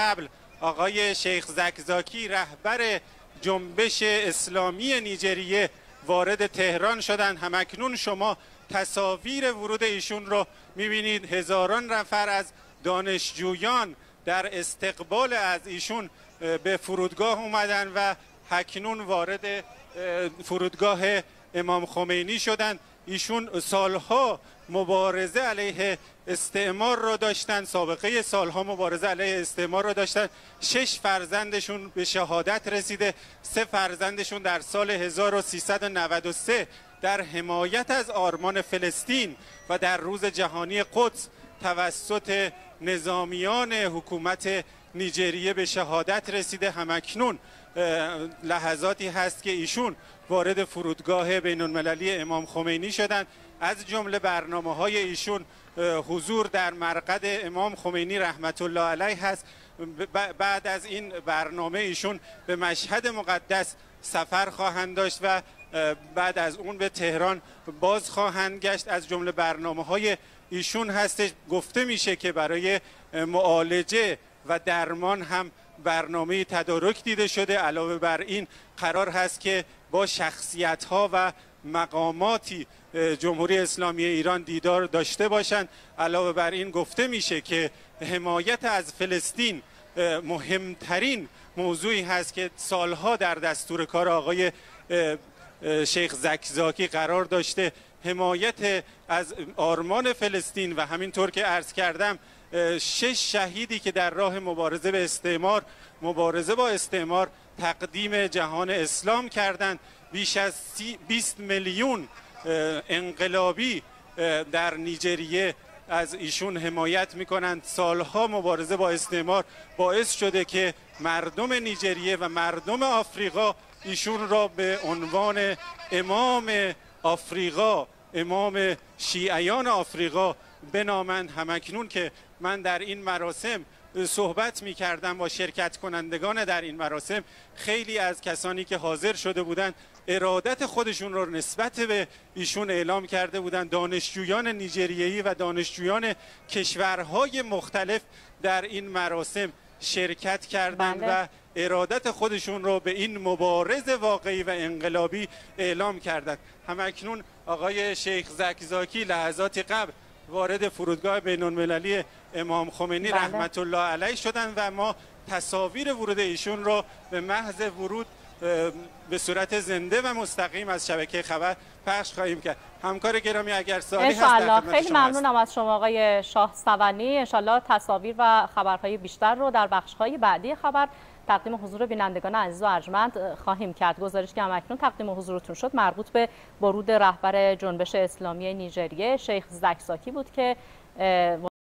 قبل آقای شیخ زکزاکی رهبر جنبش اسلامی نیجریه وارد تهران شدند همکنون شما تصاویر ورود ایشون رو میبینید هزاران نفر از دانشجویان در استقبال از ایشون به فرودگاه اومدن و هکنون وارد فرودگاه امام خمینی شدند ایشون سالها مبارزه علیه استعمار را داشتن سابقه سالها مبارزه علیه استعمار را داشتن شش فرزندشون به شهادت رسیده سه فرزندشون در سال 1393 در حمایت از آرمان فلسطین و در روز جهانی قدس توسط نظامیان حکومت نیجریه به شهادت رسیده همکنون لحظاتی هست که ایشون وارد فرودگاه بین المللی امام خمینی شدند از جمله برنامه های ایشون حضور در مرقد امام خمینی رحمت الله علیه هست بعد از این برنامه ایشون به مشهد مقدس سفر خواهند داشت و بعد از اون به تهران باز خواهند گشت از جمله برنامه های ایشون هستش گفته میشه که برای معالجه و درمان هم برنامه تدارک دیده شده علاوه بر این قرار هست که با شخصیت ها و مقاماتی جمهوری اسلامی ایران دیدار داشته باشند علاوه بر این گفته میشه که حمایت از فلسطین مهمترین موضوعی هست که سالها در دستور کار آقای شیخ زکزاکی قرار داشته حمایت از آرمان فلسطین و همینطور که عرض کردم شش شهیدی که در راه مبارزه به استعمار مبارزه با استعمار تقدیم جهان اسلام کردند بیش از 20 میلیون انقلابی در نیجریه از ایشون حمایت میکنند سالها مبارزه با استعمار باعث شده که مردم نیجریه و مردم آفریقا ایشون را به عنوان امام آفریقا امام شیعیان آفریقا بنامند همکنون که من در این مراسم صحبت می کردم با شرکت کنندگان در این مراسم خیلی از کسانی که حاضر شده بودند ارادت خودشون رو نسبت به ایشون اعلام کرده بودند دانشجویان نیجریهی و دانشجویان کشورهای مختلف در این مراسم شرکت کردند بله. و ارادت خودشون رو به این مبارز واقعی و انقلابی اعلام کردند همکنون آقای شیخ زکزاکی لحظات قبل وارد فرودگاه بین المللی امام خمینی بله. رحمت الله علیه شدن و ما تصاویر ورود ایشون رو به محض ورود به صورت زنده و مستقیم از شبکه خبر پخش خواهیم کرد همکار گرامی اگر سوالی هست خیلی ممنونم از شما آقای شاه سونی انشالله تصاویر و خبرهای بیشتر رو در بخشهای بعدی خبر تقدیم حضور بینندگان عزیز و ارجمند خواهیم کرد گزارش که اکنون تقدیم حضورتون شد مربوط به ورود رهبر جنبش اسلامی نیجریه شیخ زکساکی بود که